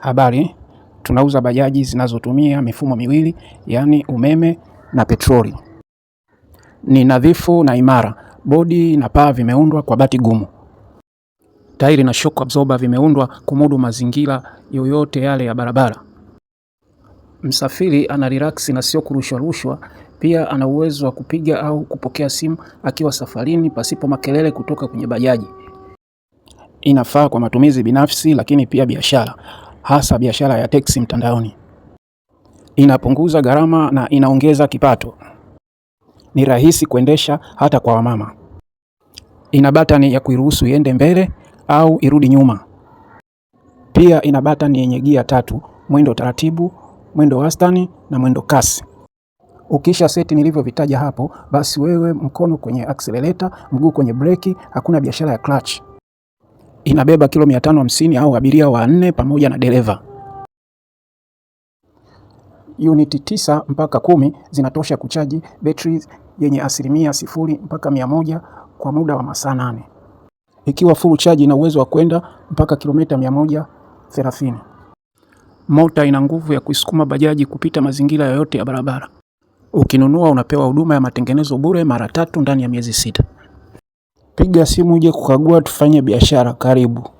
Habari, tunauza bajaji zinazotumia mifumo miwili, yaani umeme na petroli. Ni nadhifu na imara. Bodi na paa vimeundwa kwa bati gumu. Tairi na shock absorber vimeundwa kumudu mazingira yoyote yale ya barabara. Msafiri ana relax na sio kurushwa rushwa. Pia ana uwezo wa kupiga au kupokea simu akiwa safarini pasipo makelele kutoka kwenye bajaji. Inafaa kwa matumizi binafsi, lakini pia biashara hasa biashara ya teksi mtandaoni. Inapunguza gharama na inaongeza kipato. Ni rahisi kuendesha hata kwa wamama. Ina batani ya kuiruhusu iende mbele au irudi nyuma. Pia ina batani yenye gia tatu: mwendo taratibu, mwendo wastani na mwendo kasi. Ukisha seti nilivyovitaja hapo, basi wewe mkono kwenye accelerator, mguu kwenye breki, hakuna biashara ya clutch inabeba kilo 550 au abiria wanne pamoja na dereva. Uniti tisa mpaka kumi zinatosha kuchaji betri yenye asilimia sifuri mpaka mia moja kwa muda wa masaa nane. Ikiwa full charge ina uwezo wa kwenda mpaka kilomita 130. Mota ina nguvu ya kuisukuma bajaji kupita mazingira yoyote ya barabara. Ukinunua unapewa huduma ya matengenezo bure mara tatu ndani ya miezi sita. Piga simu uje kukagua tufanye biashara karibu